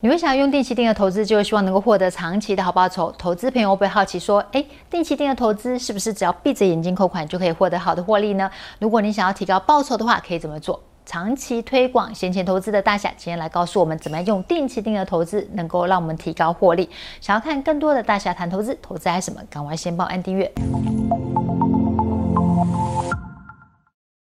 你們想要用定期定額投資，就是希望能夠獲得長期的好報酬。投資朋友會不會好奇說：“哎，定期定額投資是不是只要閉着眼睛扣款，就可以獲得好的獲利呢？”如果你想要提高報酬的話，可以怎麼做？長期推廣閒錢投資的大俠，今天來告訴我們，怎麼樣用定期定額投資能夠讓我們提高獲利。想要看更多的大俠談投資，投資嗨什麼？趕快先報按訂閱。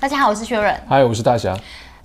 大家好，我是薛潤，嗨，我是大俠。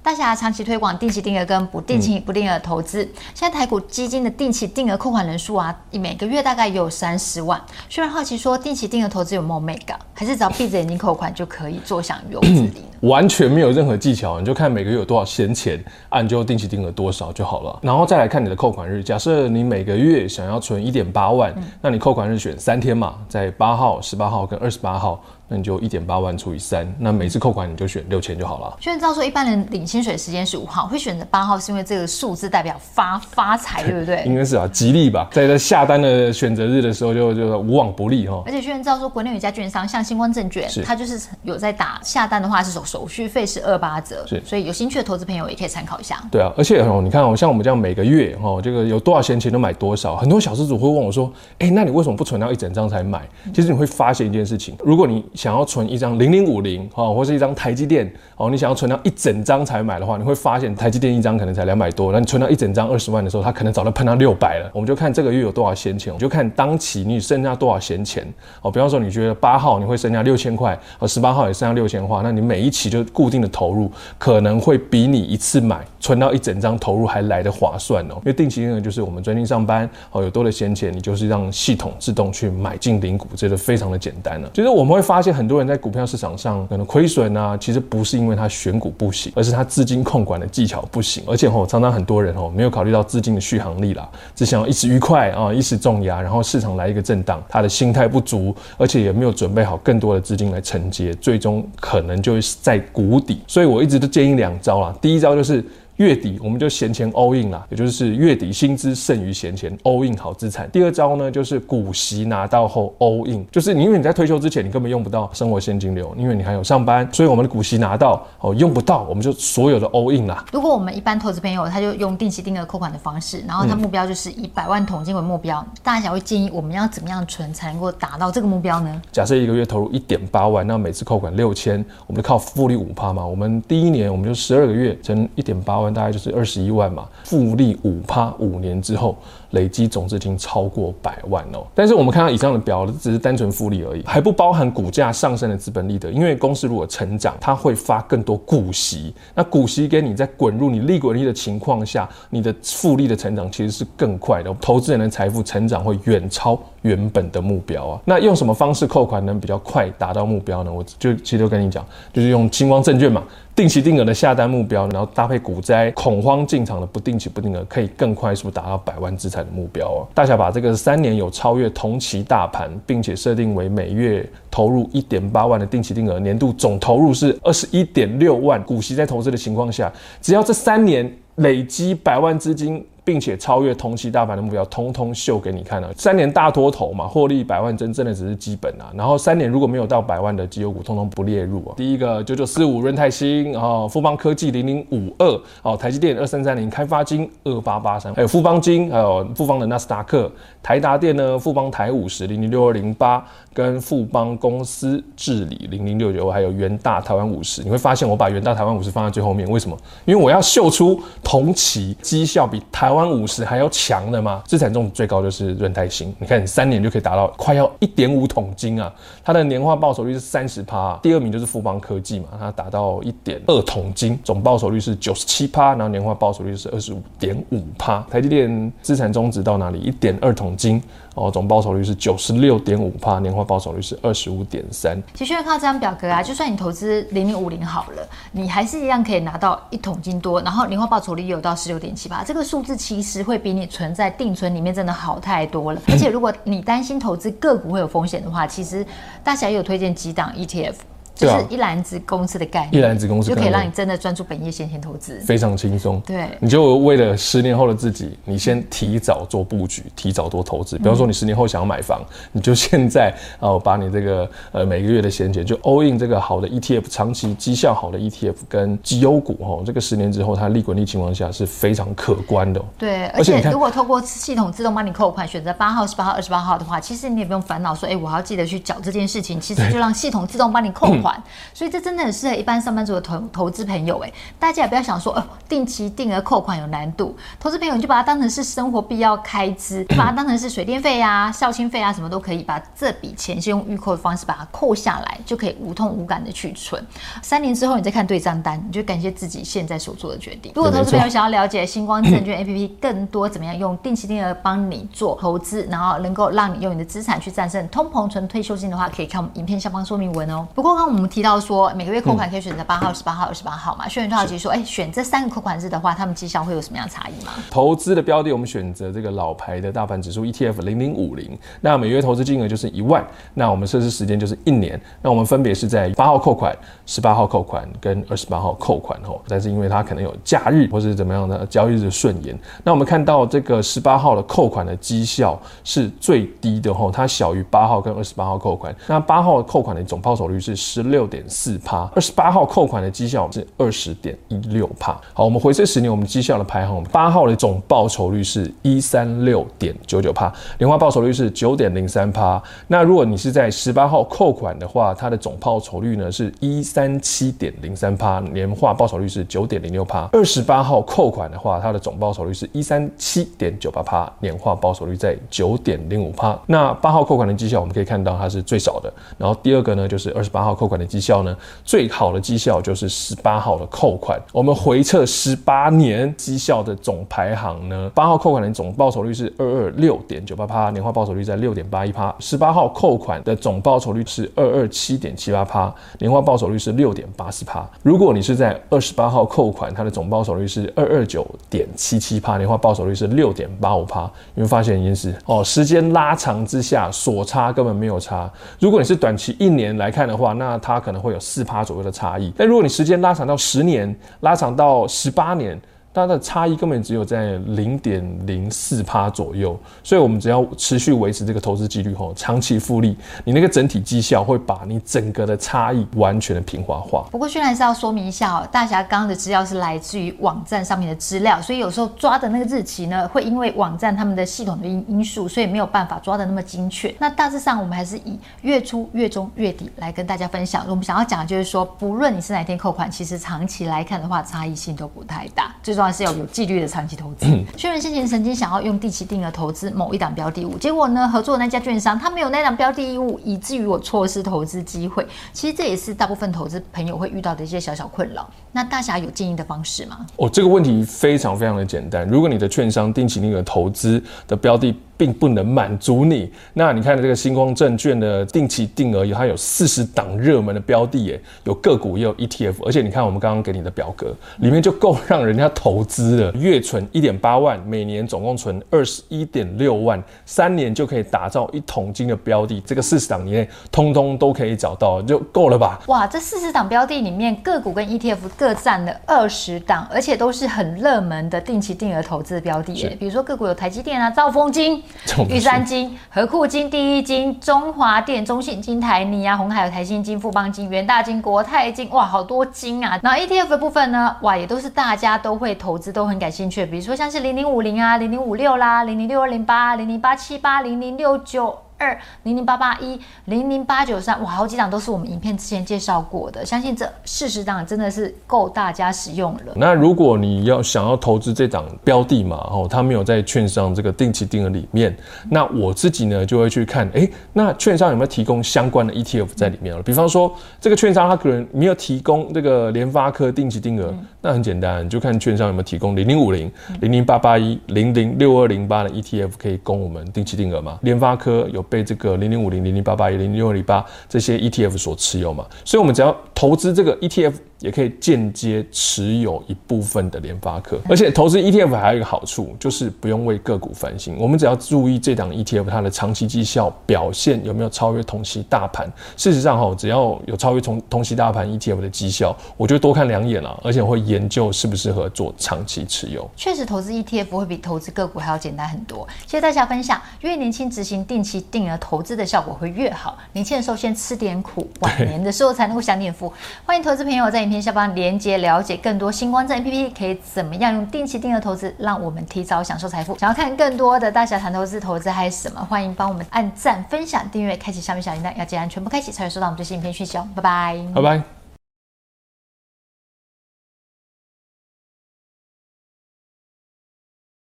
大俠長期推廣定期定額跟不定期不定額投資，現在、嗯、台股基金的定期定額扣款人數啊，每個月大概有三十萬。雖然好奇說，定期定額投資有沒有眉角，還是只要閉着眼睛扣款就可以坐享漁翁之利呢？ 完全沒有任何技巧，你就看每個月有多少閒錢，按就定期定額多少就好了。然後再來看你的扣款日，假設你每個月想要存一點八萬，嗯、那你扣款日選三天嘛，在八號、十八號跟二十八號。那你就一點八萬除以三，那每次扣款你就選六千就好了。學員、嗯、知道說，一般人領薪水時間是五號，會選擇八號是因為這個數字代表發發財，對,對不對？應該是啊，吉利吧。在在下單的選擇日的時候就，就就無往不利哈。而且學員知道說，國內有一家券商，像新光證券，是它就是有在打下單的話是手手續費是二八折，是所以有興趣的投資朋友也可以參考一下。對啊，而且哦，你看哦，像我們這樣每個月哦，這個有多少閒錢,錢都買多少。很多小資主會問我說，哎、欸，那你為什麼不存到一整張才買？嗯、其實你會發現一件事情，如果你想要存一張零零五零啊，或是一張台積電哦，你想要存到一整張才買的話，你會發現台積電一張可能才兩百多，那你存到一整張二十萬的時候，它可能早就噴到六百了。我們就看這個月有多少閒錢，我們就看當期你剩下多少閒錢哦。比方說你覺得八號你會剩下六千塊，哦，十八號也剩下六千塊，那你每一期就固定的投入，可能會比你一次買存到一整張投入還來得划算哦。因為定期呢，就是我們專心上班哦，有多的閒錢，你就是讓系統自動去買進零股，這個非常的簡單呢、啊。就是我們會發。而且很多人在股票市場上可能虧損啊，其實不是因為他選股不行，而是他資金控管的技巧不行。而且吼、哦，常常很多人哦，沒有考慮到資金的續航力啦，只想要一時愉快啊、哦，一時重壓，然後市場來一個震盪，他的心態不足，而且也沒有準備好更多的資金來承接，最終可能就會在谷底。所以我一直都建議兩招啦，第一招就是。月底我們就閒錢 all in 啦，也就是月底薪資剩餘閒錢 all in 好資產。第二招呢，就是股息拿到後 all in，就是你因為你在退休之前你根本用不到生活現金流，因為你還有上班，所以我們的股息拿到哦用不到，我們就所有的 all in 啦。如果我們一般投資朋友他就用定期定額扣款的方式，然後他目標就是以百萬桶金為目標，嗯，大家會建議我們要怎麼樣存才能夠達到這個目標呢？假設一個月投入一點八萬，那每次扣款六千，我們就靠複利五趴嘛，我們第一年我們就十二個月存一點八萬。大概就是二十一萬嘛，複利五趴，五年之後。累積總資金超過百萬哦，但是我們看到以上的表，只是單純複利而已，還不包含股價上升的資本利得。因為公司如果成長，它會發更多股息，那股息給你在滾入你利滾利的情況下，你的複利的成長其實是更快的。投資人的財富成長會遠超原本的目標啊。那用什麼方式扣款能比較快達到目標呢？我就其實都跟你講，就是用新光證券嘛，定期定額的下單目標，然後搭配股災恐慌進場的不定期不定額，可以更快速達到百萬資產。目標啊，大家把這個三年有超越同期大盤，並且設定為每月投入一點八萬的定期定額，年度總投入是二十一點六萬，股息再投資的情況下，只要這三年。累積百萬資金，並且超越同期大盤的目標，通通秀給你看了、啊。三年大多頭嘛，獲利百萬真真的只是基本啊。然後三年如果沒有到百萬的績優股，通通不列入啊。第一個九九四五潤泰新，然、哦、後富邦科技零零五二，哦，台積電二三三零，開發金二八八三，還有富邦金，還有富邦的納斯達克，台達電呢，富邦台五十零零六二零八，跟富邦公司治理零零六九，還有元大台灣五十。你會發現，我把元大台灣五十放在最後面，為什麼？因為我要秀出。同期績效比台灣五十還要強的嘛？資產終值最高就是潤泰新，你看三年就可以達到快要一點五桶金啊！它的年化報酬率是三十趴，第二名就是富邦科技嘛，它達到一點二桶金，總報酬率是九十七趴，然後年化報酬率是二十五點五趴。台積電資產終值到哪裡？一點二桶金。哦，總報酬率是九十六點五帕，年化報酬率是二十五點三。其實要靠這張表格啊，就算你投資零零五零好了，你還是一樣可以拿到一桶金多。然後年化報酬率也有到十六點七八。這個數字其實會比你存在定存裡面真的好太多了。 而且如果你擔心投資個股會有風險的話，其實大俠也有推薦幾檔 ETF。啊、就是一籃子公司的概念，一籃子公司的概念就可以讓你真的專注本業，先前投資，非常輕鬆。對，你就為了十年後的自己，你先提早做布局，嗯、提早多投資。比方說，你十年後想要買房，你就現在啊，把你這個呃每個月的閒錢就 all in 這個好的 ETF，長期績效好的 ETF 跟績優股哦，這個十年之後它利滾利情況下是非常可觀的。對，而且如果透過系統自動幫你扣款，選擇八號、十八號、二十八號的話，其實你也不用煩惱說，哎、欸，我還要記得去繳這件事情，其實就讓系統自動幫你扣。嗯款，所以這真的很適合一般上班族的投投資朋友、欸。哎，大家也不要想說，呃、定期定額扣款有難度。投資朋友，你就把它當成是生活必要開支，把它當成是水電費啊、孝心費啊什麼都可以。把這筆錢先用預扣的方式把它扣下來，就可以無痛無感的去存。三年之後你再看對賬單，你就感謝自己現在所做的決定。如果投資朋友想要了解新光證券 APP 更多怎麼樣用定期定額幫你做投資，然後能夠讓你用你的資產去戰勝通膨、存退休金的話，可以看我們影片下方說明文哦、喔。不過剛。我們提到說每個月扣款可以選擇八號、十八號、二十八號嘛，薛遠濤老師說，哎、欸，選這三個扣款日的話，他們績效會有什麼樣的差異嗎？投資的標的我們選擇這個老牌的大盤指數 ETF 零零五零，那每月投資金額就是一萬，那我們設置時間就是一年，那我們分別是在八號扣款、十八號扣款跟二十八號扣款吼，但是因為它可能有假日或是怎麼樣的交易日的順延，那我們看到這個十八號的扣款的績效是最低的吼，它小於八號跟二十八號扣款，那八號扣款的總報酬率是十六點四帕，二十八號扣款的績效是二十點一六帕。好，我們回測十年，我們績效的排行，八號的總報酬率是一三六點九九帕，年化報酬率是九點零三帕。那如果你是在十八號扣款的話，它的總報酬率呢是一三七點零三帕，年化報酬率是九點零六帕。二十八號扣款的話，它的總報酬率是一三七點九八帕，年化報酬率在九點零五帕。那八號扣款的績效，我們可以看到它是最少的。然後第二個呢，就是二十八號扣。的績效呢？最好的績效就是十八號的扣款。我們回測十八年績效的總排行呢，八號扣款的總報酬率是二二六點九八趴，年化報酬率在六點八一趴。十八號扣款的總報酬率是二二七點七八趴，年化報酬率是六點八四趴。如果你是在二十八號扣款，它的總報酬率是二二九點七七趴，年化報酬率是六點八五趴。你會發現，已經是哦，時間拉長之下，所差根本沒有差。如果你是短期一年來看的話，那它可能會有四趴左右的差異，但如果你時間拉長到十年，拉長到十八年。它的差異根本只有在零點零四趴左右，所以我們只要持續維持這個投資紀律，吼，長期複利，你那個整體績效會把你整個的差異完全的平滑化。不過，雖然還是要說明一下哦，大俠剛剛的資料是來自於網站上面的資料，所以有時候抓的那個日期呢，會因為網站他們的系統的因因素，所以沒有辦法抓的那麼精確。那大致上，我們還是以月初、月中、月底來跟大家分享。我們想要講的就是說，不論你是哪天扣款，其實長期來看的話，差異性都不太大。最終。是要有紀律的長期投資。薛仁 先前曾經想要用定期定額投資某一檔標的物，結果呢，合作的那家券商他沒有那檔標的物，以至於我錯失投資機會。其實這也是大部分投資朋友會遇到的一些小小困擾。那大俠有建議的方式嗎？哦，這個問題非常非常的簡單。如果你的券商定期定額投資的標的，並不能滿足你。那你看這個新光證券的定期定額，有它有四十檔熱門的標的耶，有個股也有 ETF，而且你看我們剛剛給你的表格，裡面就夠讓人家投資了。月存一點八萬，每年總共存二十一點六萬，三年就可以打造一桶金的標的。這個四十檔裡面，通通都可以找到，就夠了吧？哇，這四十檔標的裡面，個股跟 ETF 各占了二十檔，而且都是很熱門的定期定額投資標的耶。是比如說個股有台積電啊、兆豐金。玉山金、合庫金、第一金、中華電、中信金、台泥啊、鴻海、有台新金、富邦金、元大金、國泰金，哇，好多金啊！然後 ETF 的部分呢，哇，也都是大家都會投資、都很感興趣的，比如說像是零零五零啊、零零五六啦、零零六二零八、零零八七八、零零六九。二零零八八一零零八九三，哇，好幾檔都是我們影片之前介紹過的，相信這四十檔真的是夠大家使用了。那如果你要想要投資這檔標的嘛，哦，它沒有在券商這個定期定額裡面，那我自己呢就會去看，哎、欸，那券商有沒有提供相關的 ETF 在裡面了？嗯、比方說，這個券商它可能沒有提供這個聯發科定期定額，嗯、那很簡單，就看券商有沒有提供零零五零、零零八八一、零零六二零八的 ETF 可以供我們定期定額嘛？聯發科有。被這個零零五零、零零八八、零零六零八這些 ETF 所持有嘛，所以我們只要，投資這個 ETF 也可以間接持有一部分的聯發科，而且投資 ETF 還有一個好處，就是不用為個股煩心。我們只要注意這檔 ETF 它的長期績效表現有沒有超越同期大盤。事實上，只要有超越同同期大盤 ETF 的績效，我就多看兩眼了啊，而且我會研究適不適合做長期持有。確實，投資 ETF 會比投資個股還要簡單很多。謝謝大家分享，越年輕執行定期定額投資的效果會越好。年輕的時候先吃點苦，晚年的時候才能夠享點福。歡迎投資朋友在影片下方連接了解更多。新光證 App 可以怎麼樣用定期定額投資，讓我們提早享受財富。想要看更多的大俠談投資、投資嗨什麼？歡迎幫我們按讚、分享、訂閱、開啟下面小鈴鐺，要記得全部開啟才會收到我們最新影片訊息哦。拜拜，拜拜。